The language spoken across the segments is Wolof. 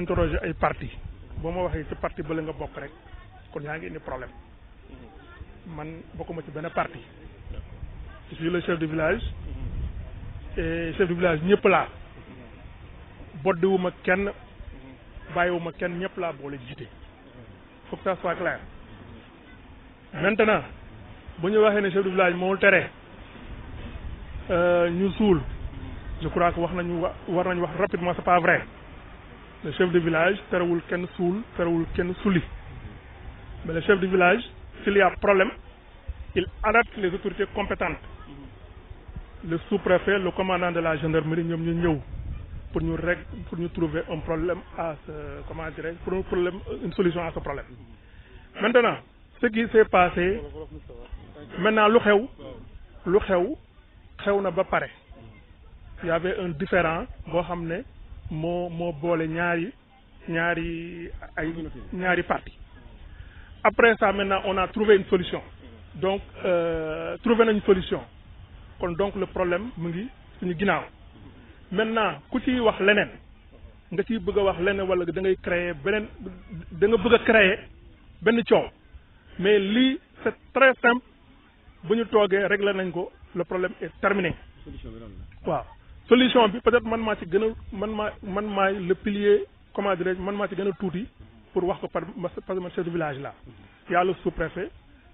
interroger ay parti boo ma waxee ci parti ba nga bokk rek kon yaa ngi indi problème mhm. man bokkuma ci benn parti je suis le chef de village mhm. et chef de village ñëpp laa mhm. boddiwuma kenn bàyyiwuma kenn ñëpp laa boole jiite faut que ça soit clair maintenant bu ñu waxee ne chef de village moo tere euh, ñu suul je crois que wax nañu wa war nañu wax rapidement c'est pas vrai le chef de village terewul kenn suul terewul kenn souli mais le chef de village s'il y a problème il alerte les autorités compétentes le sous-préfet le commandant de la gendarmerie ñoom ñu ñëw pour ñu rek pour ñu trouver un problème à ce comment dirais pour un problème une solution à ce problème maintenant ce qui s'est passé maintenant lu xew lu xew xew na ba pare y avait un différend boo xam ne moo moo boole ñaari ñaari ay ñaari parti après ça maintenant on a trouvé une solution donc euh, trouvé nañu solution kon donc le problème mu ngi suñu ginnaaw maintenant ku ci wax leneen nga ciy bëgg a wax leneen wala da ngay créer beneen danga nga bëgg a créer benn coow mais lii c'est très simple bu ñu toogee réglé nañ ko le problème est terminé waaw solution bi peut-être man maa ci gën a man maa man maay le pilier comment dirais man maa ci gën a tuuti pour wax ko par parce que man chef de village là y a le sous-préfet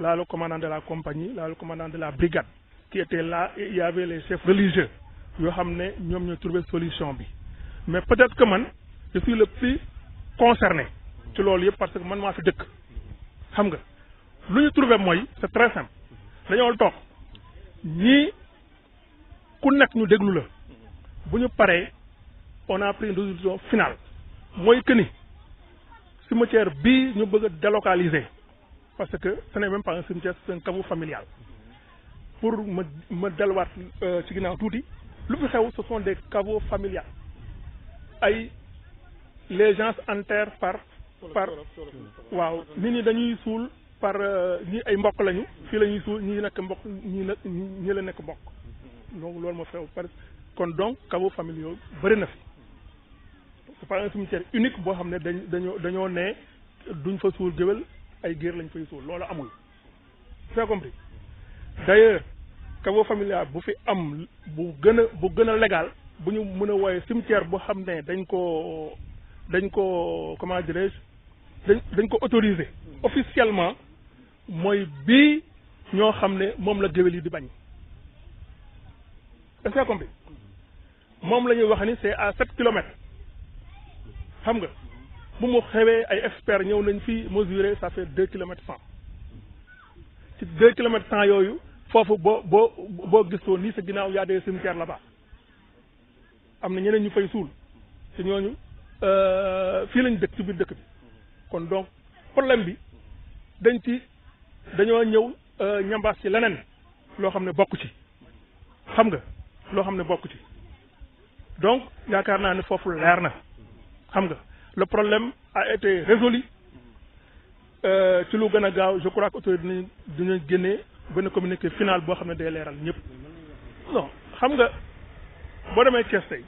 là le commandant de la compagnie là le commandant de la brigade qui était là et il y avait les chefs religieux yoo xam ne ñoom ñoo trouvé solution bi mais peut-être que man je suis le plus concerné ci loolu yëpp parce que man maa fi dëkk xam nga lu ñu trouver mooy c'est très simple dañoo toog ñii ku ñu déglu la bu ñu paree on a pris une décision finale mooy que ni cimetière bii ñu bëgg a délocaliser parce que ce n'est même pas un cimetière c'est un caveau familial pour ma ma delluwaat euh, ci ginnaaw tuuti lu fi xew ce sont des caveaux familiales ay les gens enterrent par par waaw nit ñi dañuy suul par euh, ñi ay mbokk lañu fii la ñuy suul ñi nekk mbokk ñi la ñi la nekk mbokk donc loolu moo xew kon donc caveau familiaux bëri na fi c'est pas un unique boo xam ne dañ dañoo dañoo ne duñ fa suul géwél ay géer lañ fay suul loolu amul c'est compris d'ailleurs caveau familial bu fi am bu gën a bu gën a légal bu ñu mën a wooye cimetière boo xam ne dañ ko dañ ko comment dirais dañ dañ ko autorisé officiellement mooy bii ñoo xam ne moom la géwél yi di bañ moom la ñuy wax ni c'est à sept kilomètres xam nga bu mu xewee ay experts ñëw nañ fi mesurer ça fait deux kilomètres cent ci deux kilomètres cent yooyu foofu boo boo boo gisoo nii sa ginnaaw yaa des cimetières là baax am na ñeneen ñu fay suul te ñooñu euh, fii lañ dëkk ci biir dëkk bi kon donc problème bi dañ ci dañoo ñëw euh, ñambaas ci leneen loo xam ne bokk ci xam nga loo xam ne bokk ci donc yaakaar naa ne foofu leer na xam nga le problème a été résolu euh, ci lu gën a gaaw je crois que autorité dinañ dinañ génnee benn communiqué final boo xam ne day leeral ñëpp non xam nga boo demee Thiès tey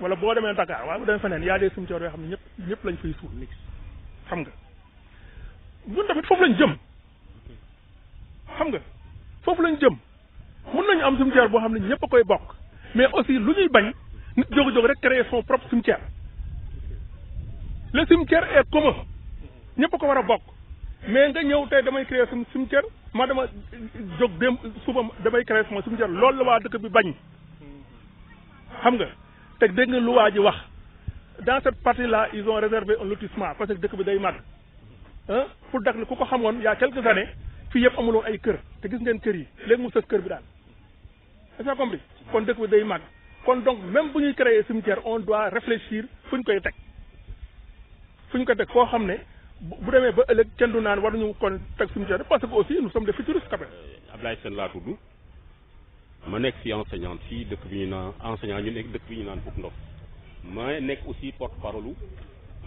wala boo demee Dakar waaye bu demee feneen yaa des cimetières yoo xam ne ñëpp ñëpp lañ fay suul nit xam nga ñun tamit foofu lañ jëm xam nga foofu lañ jëm mun nañu am cimetière boo xam ne ñëpp a koy bokk mais aussi lu ñuy bañ nit jóg jóg rek créer son propre cimetière le cimetière est commun ñëpp ko war a bokk mais nga ñëw te damay créer sama cimetière ma dama jóg dem suba damay créer sama cimetière loolu la waa dëkk bi bañ xam nga te dégg nga lu waa ji wax dans cette partie là ils ont réservé un lotissement parce que dëkk bi day màgg ah pour dak ku ko xamoon yaa a quelques années fii yëpp amuloon ay kër te gis ngeen kër yi léegi mu sës kër bi daal est-ce que compris kon dëkk bi day màgg kon donc même bu ñuy créer cimetière on doit réfléchir fu ñu koy teg fu ñu koy teg foo xam ne bu demee ba ëllëg kenn du naan war ñu kon teg cimetière parce que aussi nous sommes des futuristes quand même. Euh, Ablaye Sène laa tudd ma nekk fi enseignante fii dëkk bi ñu naan enseignant ñu nekk dëkk bi ñu naan Pout Ndof ma nekk aussi porte parole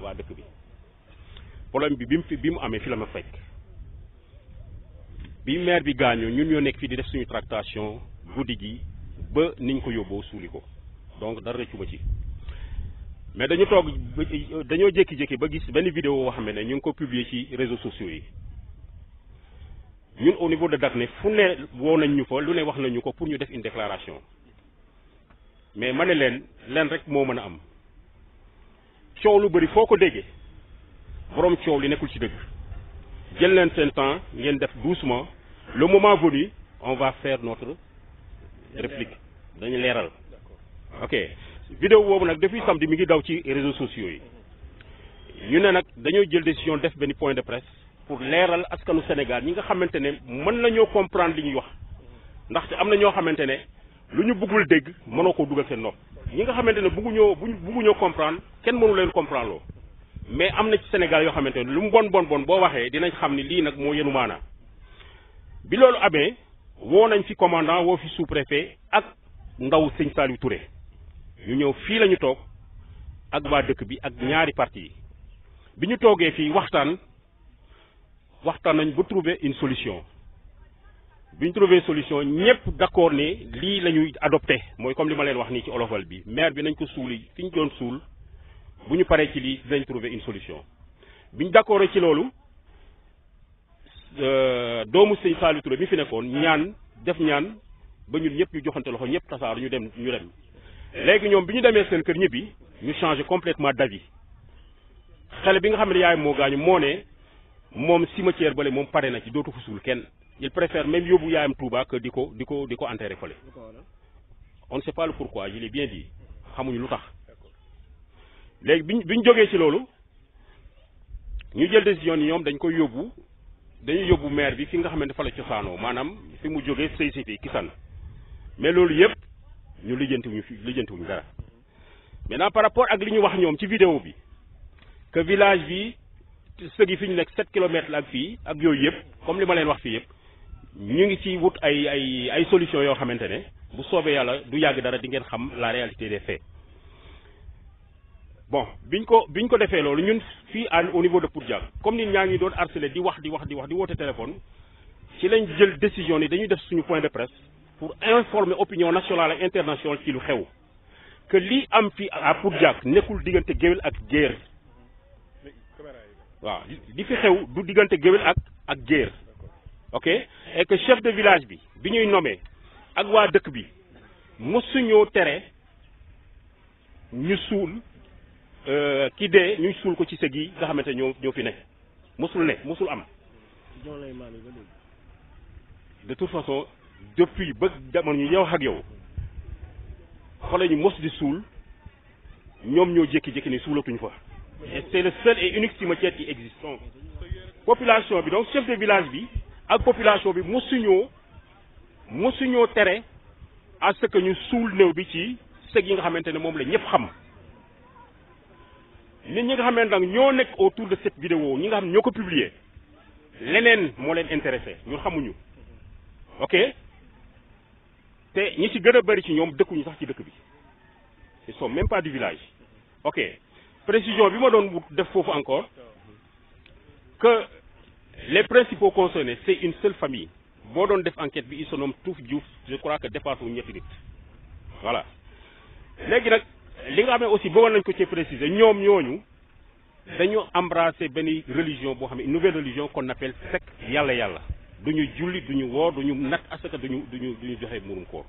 waa dëkk bi problème bi bi mu fi bi mu amee fi la ma fekk bi maire bi gaañoo ñu ñoo nekk fii di def suñu tractation guddi gi. ba niñ ko yóbboo suuli ko donc dara rëccu ma ci mais dañu toog dañoo jékki-jékki ba gis benn vidéo boo xam ne ñu ngi ko publier ci réseaux sociaux yi ñun au niveau de ni fu ne woo nañ ñu fa lu ne wax nañu ko pour ñu def une déclaration mais ma ne leen leen rek moo mën a am coow lu bëri foo ko déggee borom coow li nekkul ci dëgg jël leen seen temps ngeen def doucement le moment venu on va faire notre réplique dañu leeral ok vidéo boobu nag depuis samedi mi ngi daw ci réseaux sociaux yi ñu ne nag dañoo jël décision def benn point de presse pour leeral askanu Sénégal ñi nga xamante ne mën nañoo comprendre li ñuy wax ndaxte am na ñoo xamante ne lu ñu buggul dégg mën mënoo koo dugal seen nopp ñi nga xamante ne bëgguñoo bëgguñoo comprendre kenn mënu leen comprendre loo mais am na ci Sénégal yoo xamante ne lu mu bon bon bon boo waxee dinañ xam ni lii nag moo yenu maanaa bi loolu amee woo nañ fi commandant woo fi sous-préfet ak ndaw sëñ Saliou Touré ñu ñëw fii lañu toog ak waa dëkk bi ak ñaari parti yi bi ñu toogee fii waxtaan waxtaan nañ ba trouver une solution bi ñu trouver solution ñëpp d'accord ne lii la ñuy adopté mooy comme li ma leen wax nii ci olofal bi maire bi nañ ko suuli fi ñu doon suul bu ñu paree ci lii dinañ trouver une solution bi ñu d'accord ci loolu Euh, doomu sëñ Saliou Touré mi fi nekkoon ñaan def ñaan ba ñu ñëpp ñu joxante loxo ñëpp tasaaru ñu dem ñu dem léegi ñoom bi ñu demee seen kër ñibbi ñu changé complètement d'avis xale bi nga xam ne yaay moo gaañu moo ne moom cimetière bale moom pare na ci dootu fa suul kenn il préfère même yóbbu yaayam Touba que di ko di ko di ko enterré fële on ne sait pas le pourquoi je l'ai bien lu tax léegi biñ biñ jógee ci loolu ñu jël décision ni ñoom dañ koy yóbbu dañuy yóbbu maire bi fi nga xamante fa la cosaanoo maanaam fi mu jógee sëy sëy kisan mais loolu yëpp ñu lijjantiwuñu fi lijjantiwuñu dara maintenant par rapport ak li ñu wax ñoom ci vidéo bi que village bi sëgi fi ñu nekk sept kilomètres la ak fii ak yooyu yëpp comme li ma leen wax fii yëpp ñu ngi ci wut ay ay ay solution yoo xamante ne bu soobee yàlla du yàgg dara di ngeen xam la réalité des faits bon biñ ko biñ ko defee loolu ñun fii à au niveau de Poudjak comme nit ñaa ngi doon harcelé di wax di wax di wax di woote téléphone ci lañ jël décision ni dañuy def suñu point de presse pour informer opinion nationale ak internationale ci lu xew que lii am fii à Poudjak nekkul diggante géwél ak géer waaw li fi xew du diggante géwél ak ak géer ok et chef de village bi bi ñuy nommé ak waa dëkk bi mosuñoo tere ñu suul Euh, ki dee ñu suul ko ci sëg yi nga xamante ñoo ñoo fi ne mosul ne mosul am. de toute façon depuis ba jamono ñu yow ak yow xale ñu mos di suul ñoom ñoo jékki-jékki ni suulatuñ fa. et c'est le seul et unique cimetière qui population bi donc chef de village bi ak population bi mosuñoo mosuñoo tere à ce que ñu suul néew bi ci sëg yi nga xamante ne moom la ñëpp xam. nit ñi nga xam ne nag ñoo nekk autour de cette vidéo ñi nga xam ñoo ko publier leneen moo leen intéressé ñun xamuñu ok te ñi ci gën a bari ci ñoom dëkkuñu sax ci dëkk bi ils sont même pas du village ok précision bi ma doon def foofu encore que les principaux concernés c'est une seule famille boo doon def enquête bi ils se nomment Touf Diouf je crois que dépasse wu ñetti nit voilà léegi nag li nga xam aussi bëggoon nañ ko ci préciser ñoom ñooñu dañu embrasser benn religion boo xam ne nouvelle religion qu'on appelle secte yàlla yàlla duñu julli duñu woor duñu nat asaka duñu duñu duñu joxe murum koor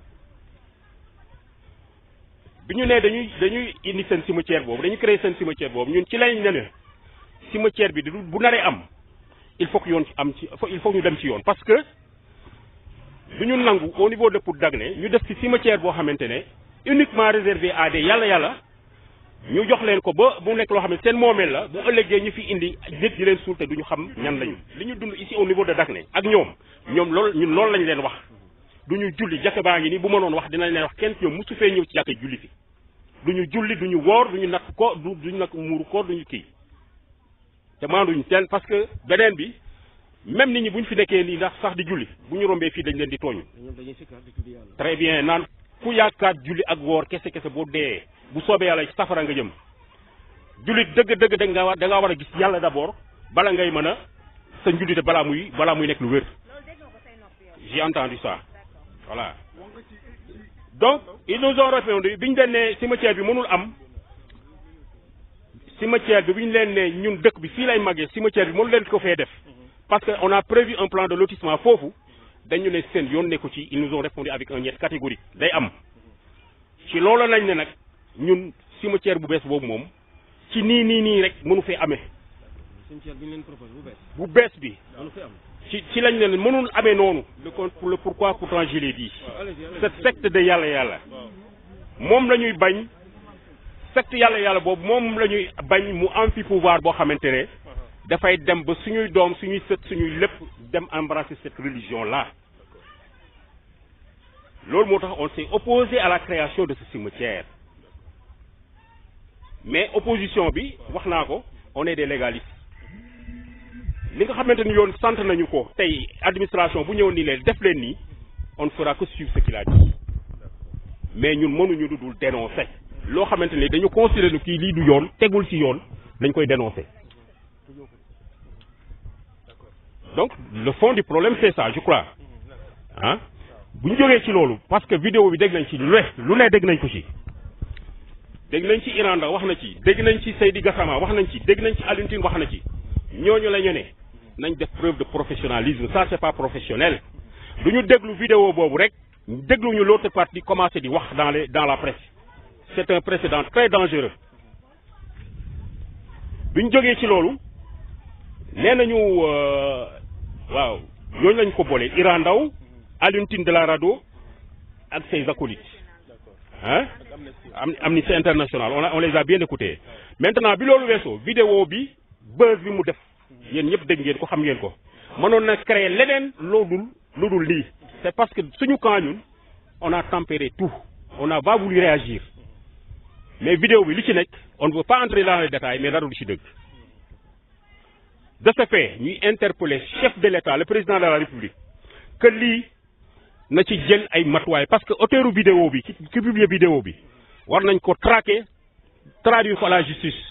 bi ñu nee dañuy dañuy indi seen cimetière boobu dañu créer seen cimetière boobu ñun ci lañ ne ne cimetière bi du bu naree am il faut yoon am ci il faut ñu dem ci yoon parce que du ñu nangu au niveau de Pout Dagné ñu def ci cimetière boo xamante ne uniquement réservé à des yàlla yàlla ñu jox leen ko ba bu nekk loo xam ne seen moomeel la bu ëllëgee ñu fi indi nit di leen suul te duñu xam ñan lañu. li ñu dund ici au niveau de Dagné ak ñoom ñoom loolu ñun lool lañ leen wax du ñu julli jàkka baa ngi nii bu mënoon wax dinañ leen wax kenn ñoom mosu fee ñëw ci jàkka julli fi duñu julli ñu woor duñu nag ko duñu nag muuru koor duñu kii te maanduñu teen parce que beneen bi même nit ñi bu ñu fi nekkee nii ndax sax di julli bu ñu rombee fii dañ leen di tooñ. très ku yaakaar julli ak woor kese kese boo dee bu soobee yàlla safara nga jëm jullit dëgg dëgg da nga war da war a gis yàlla d'abord bala ngay mën a sa njullite balaa muy bala muy nekk lu wér j'ai entendu ça voilà donc ils nous ont répondu bi ñu leen ne cimetière bi mënul am cimetière bi bi ñu leen ne ñun dëkk bi fii lay màggee cimetière bi mënu leen ko fee def parce que on a prévu un plan de lotissement foofu dañu ne seen yoon nekku ci ils nous ont répondu avec un niet catégorique day am ci loolu lañ ne nag ñun cimetière bu bees boobu moom ci nii nii nii rek mënu fee amee. cimetière bi ñu leen bu bees. bi. ci ci lañ leen mënul amee noonu. le con pour le pourquoi pourtant je l'ai dit. cette secte de yàlla yàlla. moom la bañ. secte yàlla yàlla boobu moom lañuy bañ mu am fi pouvoir boo xamante ne. dafay dem ba suñuy doom suñuy sët suñuy lépp dem embrasser cette religion la loolu moo tax on s'est opposé à la création de ce cimetière mais opposition bi wax naa ko on est des légalistes li nga xamante ni yoon sant nañu ko tey administration bu ñëw nii leen def leen nii on ne fera que suivre ce qu'il a mais ñun mënuñu dudul dénoncer loo xamante ni dañu considéré ni kii lii du yoon tegul ci yoon dañ koy dénoncer donc le fond du problème c'est ça je crois ah bu ñu jógee ci loolu parce que vidéo bi dégg nañ ci lu ne lu ne dégg nañ ko ci dégg nañ ci Iranda wax na ci dégg nañ ci Seydi Gassama wax nañ ci dégg nañ ci Alioune wax na ci ñooñu la ñu ne nañ def preuve de professionnalisme ça c'est pas professionnel lu ñu déglu vidéo boobu rek dégluñu l'autre partie commencé di wax dans les dans la presse c'est un précédent très dangereux bi ñu jógee ci loolu nee nañu euh, waaw yooyu lañ ko boole Ira Ndaw Alioune Tine de la RADDHO ak ses acolytes ah am Amnesty International on on les a bien écoutés maintenant bi loolu weesoo vidéo bi buzz bi mu def yéen ñëpp dégg ngeen ko xam ngeen ko mënoon na créer leneen loolu lu dul lii c'est parce que suñu camp ñun on a tempéré tout on a pas voulu réagir mais vidéo bi lu ci nekk on ne veut pas entrer dans les détails mais dara du ci dëgg de ce fait ñuy interpeller chef de l'État le président de la République que lii na ci jël ay matuwaay parce que auteuru vidéo bi ki publier vidéo bi war nañ ko traquer traduire ko à justice